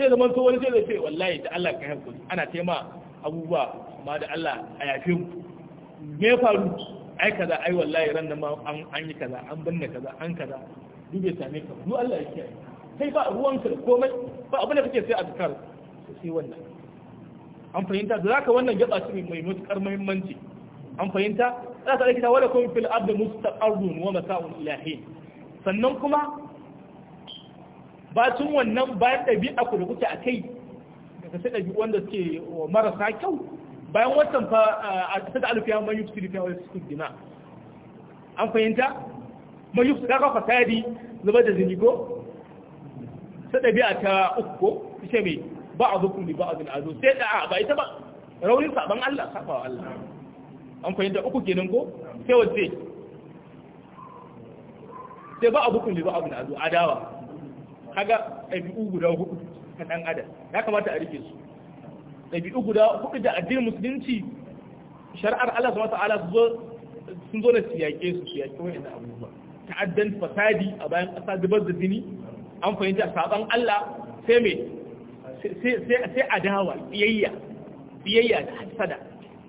sai zaman to wani sai zai ce wallahi da Allah ka hankali ana taimaka abubuwa amma da Allah a yafe mu me faru ai kaza ai wallahi ran nan ma an yi kaza an binne kaza an kaza duk bai same ka duk Allah yake Sai ba ruwanka da komai ba abin da kake sai azkar sai wannan an fahimta da zaka wannan gaba ce mai mutukar muhimmanci an fahimta za ka rikita wadda kuma fil abda mustaqarrun wa mata'un ilahi sannan kuma bacin wannan bayan ɗabi'a ku da kuke a kai daga sai ɗabi'u wanda suke marasa kyau bayan watan fa a ta da alfiya man yufsi da fiyawa su gina an fahimta man yufsi da kafa fasadi zuba da zinigo ta sai ɗabi'a ta uku ko ce mai ba a zukun ba a zin azo sai da ba ita ba raunin saban Allah wa Allah an fahimta uku kenan ko sai wace sai ba a zukun ba a zin azo adawa kaga ɗabi'u guda hudu ta ɗan adam ya kamata a rike su ɗabi'u guda hudu da addinin musulunci shari'ar Allah subhanahu ta'ala sun zo da siyake su siyake wa'annan abubuwa ta'addan fasadi a bayan ƙasa zubar da jini an fahimta saban Allah sai me sai adawa tsiyayya tsiyayya da hasada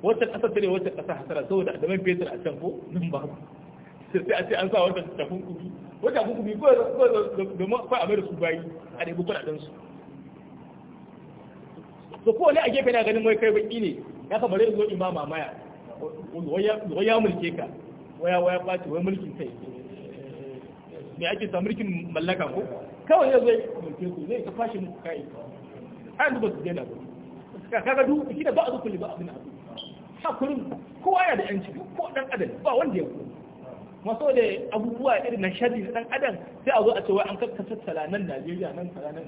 wata ƙasa ta ne wata ƙasa saboda adamin fetur a can ko nan babu sai a ce an sa wata takunkumi wata takunkumi ko domin akwai a mai da su bayi a da kuɗaɗensu so ko wani a gefe na ganin wai kai baki ne ya kamar yanzu in ba mamaya waya ya mulke ka waya waya kwace wai mulkin kai me ake sa mulkin mallaka ko kawai yanzu ya mulke ku ne ka fashe muku kai an ba su daina ba kaga duk shi da ba a zukuli ba abin abu hakurin kowa ya da yanci ko dan adam ba wanda ya kuma maso da abubuwa irin na sharri na dan adam sai a zo a ce wai an kakka tattala nan Najeriya nan kaza nan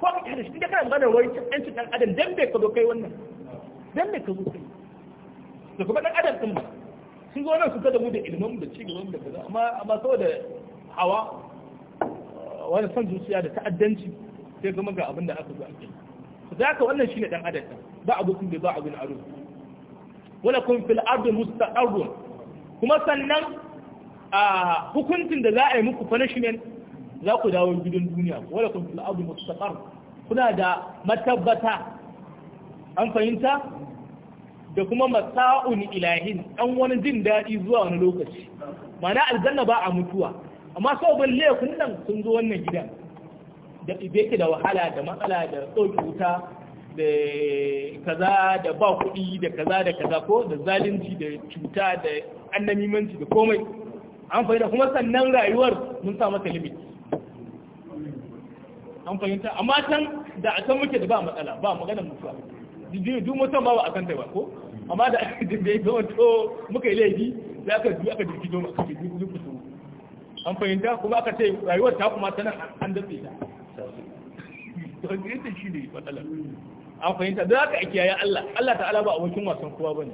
ko ka kyale shi da kana magana wai ɗan dan adam dan bai ka zo kai wannan dan bai ka zo kai da kuma ɗan adam din ba sun zo nan su ta da mu da ilimin da ci gaban da kaza amma amma saboda hawa wani son zuciya da ta'addanci sai kuma ga abin da aka zo ake su da haka wannan shine ɗan adam ba abokin da ba abin aro wala kun fil ardi mustaqarrun kuma sannan a hukuncin da za a yi muku punishment za ku dawo gidan duniya wala kun fil ardi mustaqar kuna da matabbata an fahimta da kuma masa'un ilahin ɗan wani jin daɗi zuwa wani lokaci mana aljanna ba a mutuwa amma sau ban laifin nan sun zo wannan gidan da ibe da wahala da matsala da tsoki wuta da kaza da ba kuɗi da kaza da kaza ko da zalunci da cuta da annamimanci da komai an fahimta kuma sannan rayuwar mun sa mata an fahimta amma can da a can muke da ba matsala ba maganar mutuwa duk mutum ba ba a kanta ba ko amma da da ya zama to muka yi laifi sai aka ji aka jirgi zo aka jirgi duk ku an fahimta kuma aka ce rayuwar ta kuma tana an dace ta to yadda shi ne matsala an fahimta da aka ake yayin Allah Allah ta'ala ba abokin wasan kowa bane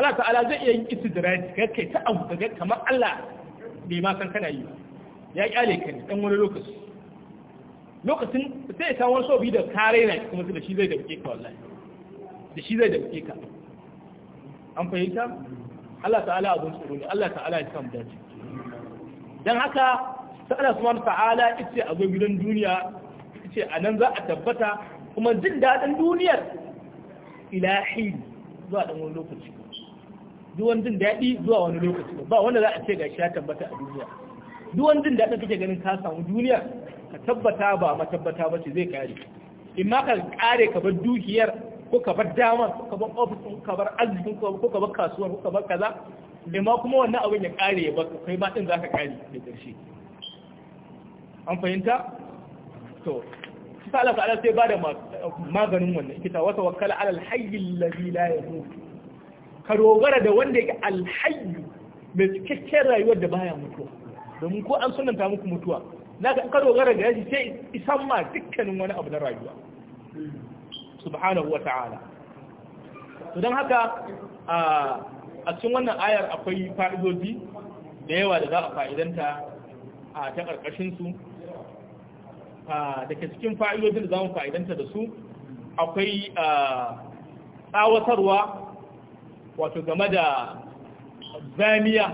Allah ta'ala zai iya yin istidraji kai kai ta abu daga kamar Allah bai ma san kana yi ya kyale ka ne dan wani lokaci lokacin sai ya samu so bi da kare na kuma da shi zai dauke ka wallahi da shi zai dauke ka an fahimta Allah ta'ala abun tsoro ne Allah ta'ala ya samu dace dan haka Allah subhanahu ta'ala yace a zo gidan duniya yace anan za a tabbata kuma jin dadin duniyar ilahi zuwa dan wani lokaci duk wani jin dadi zuwa wani lokaci ba wanda za a ce shi ya tabbata a duniya duk wani jin dadin kake ganin ka samu duniyar ka tabbata ba matabbata ba ce zai kare in ma ka kare ka bar dukiyar ko ka bar damar ko ka bar ofis ko ka bar arzikin ko ka bar kasuwar ko ka bar kaza da ma kuma wannan abin ya kare ya baka kai ma din zaka kare da karshe an fahimta to shi sa Allah ta'ala sai ba da maganin wannan kita wa tawakkala ala al allazi la yamut ka dogara da wanda yake al mai cikakken rayuwar da baya mutuwa domin ko an sunanta muku mutuwa na ka dogara ga shi sai isan ma dukkanin wani abu na rayuwa subhanahu wa ta'ala to don haka a cikin wannan ayar akwai fa'idodi da yawa da za a fa'idanta a ta ƙarƙashin su da ke cikin fa'idodin da za mu fa'idanta da su akwai tsawatarwa wato game da zamiya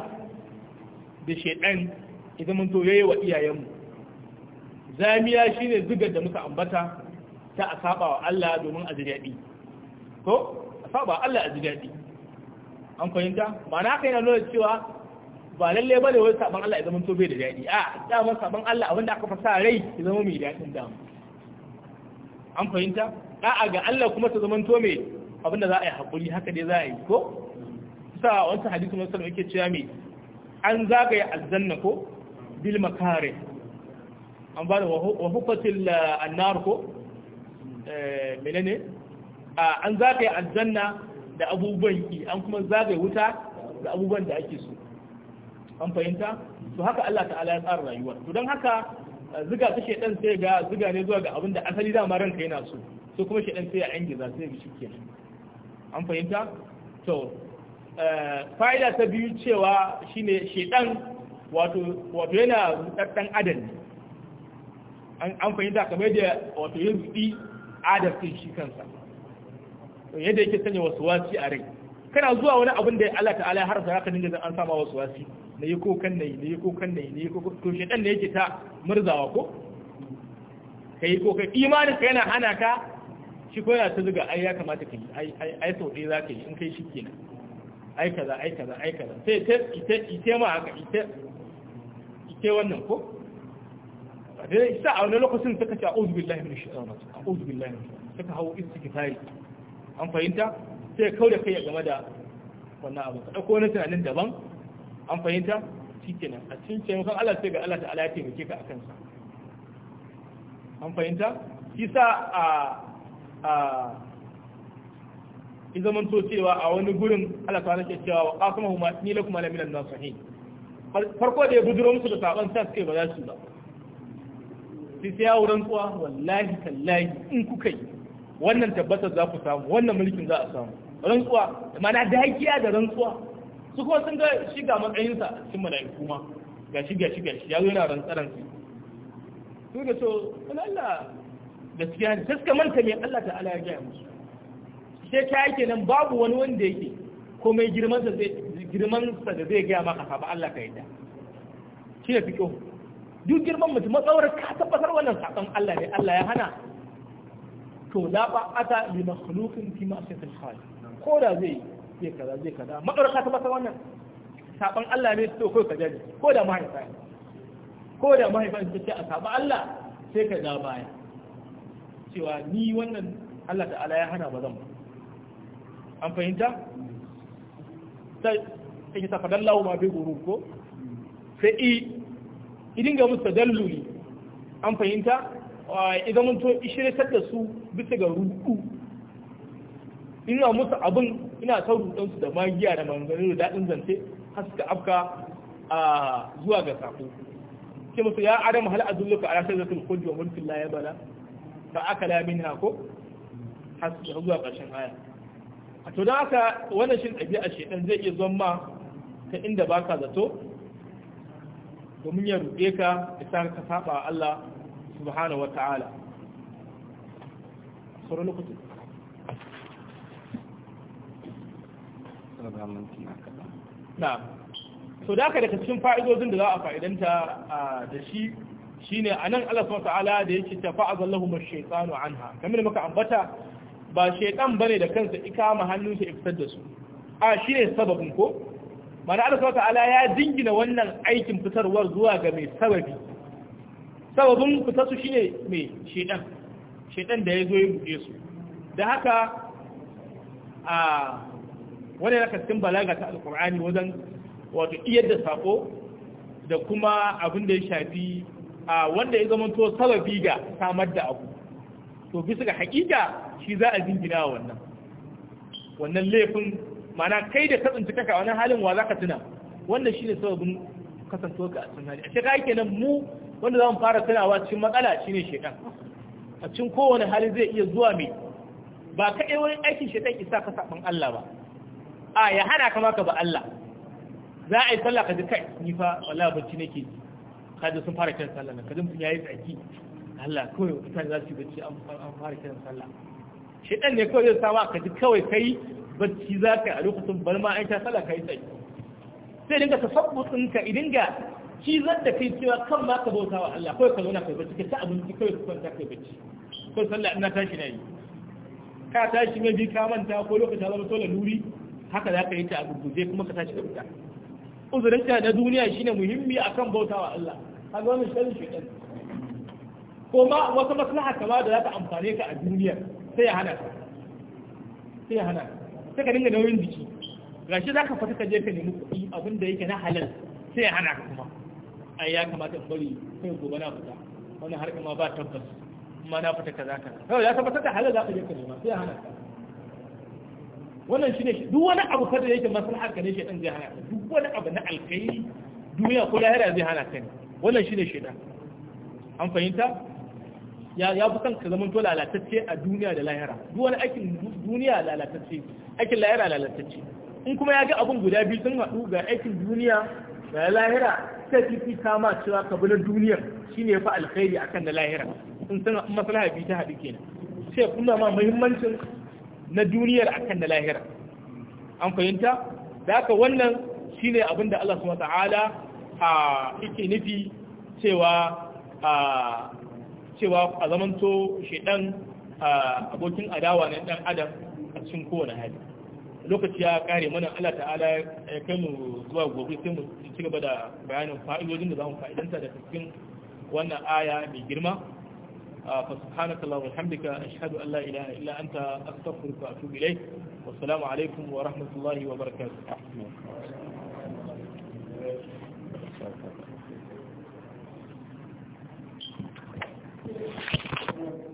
da shaidan idan mun to yayi wa iyayenmu zamiya shi ne zigar da muka ambata ta a saba wa Allah domin a ji ko a saba Allah a ji an fahimta na haka yana nuna cewa ba lalle ba da wani sabon Allah ya zama tobe bai da daɗi a damar saban Allah abin da aka fasa sa rai ya zama mai daɗin damu an fahimta da'a ga Allah kuma ta zama tobe mai abin da za a yi haƙuri haka dai za a yi ko sa wani hadisi mun sanar yake cewa mai an zagaye aljanna ko bil makare an ba da wahufatil eh, annar ko eh, menene an zagaye aljanna da abubuwan ki an kuma zagaye wuta da abubuwan da ake so an fahimta to haka Allah ta'ala ya tsara rayuwar to don haka eh, ziga ta shedan sai ga ziga ne zuwa ga abin da asali dama ranka yana so sai kuma shedan sai ya angiza sai ya shike an fahimta to fa'ida ta biyu cewa shine shedan wato wato yana dan adam an fahimta kamar yadda wato ya zuɗi adalcin shi kansa yadda yake sanya wasu wasi a rai kana zuwa wani abin da Allah ta'ala ya harasa haka dinga zan an sama wasu wasi na yi ko kan nayi na yi ko kan nayi na yi ko to shedan ne yake ta murzawa ko kai ko kai imanin ka yana hana ka shi ko ta zuga ai ya kamata ka yi ai ai sau ɗaya za yi in kai shi kenan ai kaza ai kaza ai kaza sai ita ita ita ma haka ita ita wannan ko dai sa a wani ce an fahimta sai kai game da wannan dauko wani tunanin daban an fahimta a cikin taimakon Allah sai Allah ta'ala ya ka sa an fahimta sa a a cewa a wani gurin Allah ta nake cewa wa qasamahuma ni lakum minan nasihin farko da ya musu da sabon sa ba za su ba sai sai yawo rantsuwa wallahi tallahi in kuka yi wannan tabbatar za ku samu wannan mulkin za a samu rantsuwa mana dakiya da rantsuwa su kuma sun ga shiga matsayinsa a cikin mala'iku ma gashi gashi gashi ya zo yana rantsaran su su ga to oh, Allah gaskiya ne suka manta me Allah ta'ala ya gaya musu sai ta yake nan babu wani wanda yake komai girman sa zai girman sa da zai gaya maka fa ba Allah ka yi da shi ne fiqh duk girman mutum matsawar ka tabbatar wannan sakon Allah ne Allah ya hana to da ba ata li makhluqin fi ma'siyatil khaliq ko da zai ke kaza zai kaza matsawar ka tabbatar wannan sakon Allah ne to ko ka ne ko da mahaifa ko da mahaifa ta ce a saba Allah sai ka da baya cewa ni wannan Allah ta'ala ya hana ba zan ba an fahimta sai ita fadan lawo ma bai gurur ko sai i idin ga musu dalluli an fahimta idan mun to ishiratar da su bisa ga ruku ina musu abin ina ta rudan su da magiya da manzanni da dadin zance har suka afka zuwa ga sako Ke musu ya adam hal azulluka ala sayyidatul khuldi wa mulkin la yabala fa akala minha ko har zuwa ƙarshen aya a to da haka wannan shin ɗabi'a shedan zai iya zama ta inda baka zato domin ya ruɗe ka da sa ka saba Allah subhanahu wata'ala sauran lokacin na so da aka daga cikin fa'idodin da za a fa'idanta da shi shine anan Allah subhanahu wata'ala da yake ta fa'azallahu mashaitanu anha kamar da muka ambata ba shaitan bane da kansa ikama hannunsa iftar da su a shi ne sababin ko mana Allah ta'ala ya jingina wannan aikin fitarwar zuwa ga mai sababi sababin fitar su shine mai shedan shedan da ya zo ya buɗe su da haka a wani yana kaskin balaga ta alkur'ani wajen wato iyar da sako da kuma abin da ya shafi a wanda ya zama to sababi ga samar da abu to bisa ga hakika shi za a jingina wannan wannan laifin mana kai da kasance a wani halin wa za ka tuna wannan shi ne sababin kasantuwa ga a hali a shekara yake nan mu wanda za mu fara tunawa cikin matsala shi ne shekan a cikin kowane hali zai iya zuwa mai ba kaɗai wani aikin shekan isa ka saɓin Allah ba a ya hana ka maka ba Allah za a yi sallah ka ji kai ni fa wala bacci nake ka ji sun fara kiran sallah na ka ji mutum ya yi tsaki Allah kawai mutane za su yi bacci an fara kiran sallah shekan ne kawai zai sama ka ji kawai kai bacci za ka yi a lokacin bar ma an sallah ka yi tsaye sai dinga tasabbutin tsinka, idin ga cizar da kai cewa kan ba ka bauta wa Allah kawai ka zauna kai bacci ka ta abinci kawai ka kwanta kai bacci ko sallah ina tashi na yi ka tashi mai bi ka manta ko lokacin zama tola Nuri? haka za ka yi ta a gurguje kuma ka tashi da wuta. uzurin ka na duniya shine muhimmi akan bauta wa Allah kaga wannan sharri shaitan ko ma wata maslaha kama da za ta amfane ka a duniya sai ya hana ka sai ya hana ka sai ka dinga nauyin jiki gashi za ka fata ka je ka nemi kuɗi abin da yake na halal sai ya hana ka kuma ai ya kamata in bari sai gobe na fita wani har ma ba tabbas kuma na fita kaza kaza kawai ya tabbatar da halal za ka je ka nema sai ya hana ka wannan shine duk wani abu kada yake maslahar ka ne shi dan zai hana ka duk wani abu na alkai duniya ko lahira zai hana ka ne wannan shine shaidan an fahimta ya fi son ka zama to lalatacce a duniya da lahira duk wani aikin duniya lalatacce aikin lahira lalatacce in kuma ya ga abun guda biyu sun haɗu ga aikin duniya da lahira sai fifi kama cewa ka bi duniyar shine ya fi alkhairi akan da lahira in san maslaha biyu ta haɗu kenan sai kuma ma muhimmancin na duniyar akan da lahira an fahimta da haka wannan shine abin da Allah subhanahu wataala a yake nufi cewa a cewa a zamanto shaidan abokin adawa na dan adam a cikin kowane hali lokaci ya kare mana Allah ta'ala ya kai mu zuwa gobe sai mu ci gaba da bayanin fa'idojin da zamu fa'idanta da cikin wannan aya mai girma fa subhanaka allahumma hamdika ashhadu an la ilaha illa anta astaghfiruka wa atubu ilayk wa assalamu wa rahmatullahi wa barakatuh Thank you.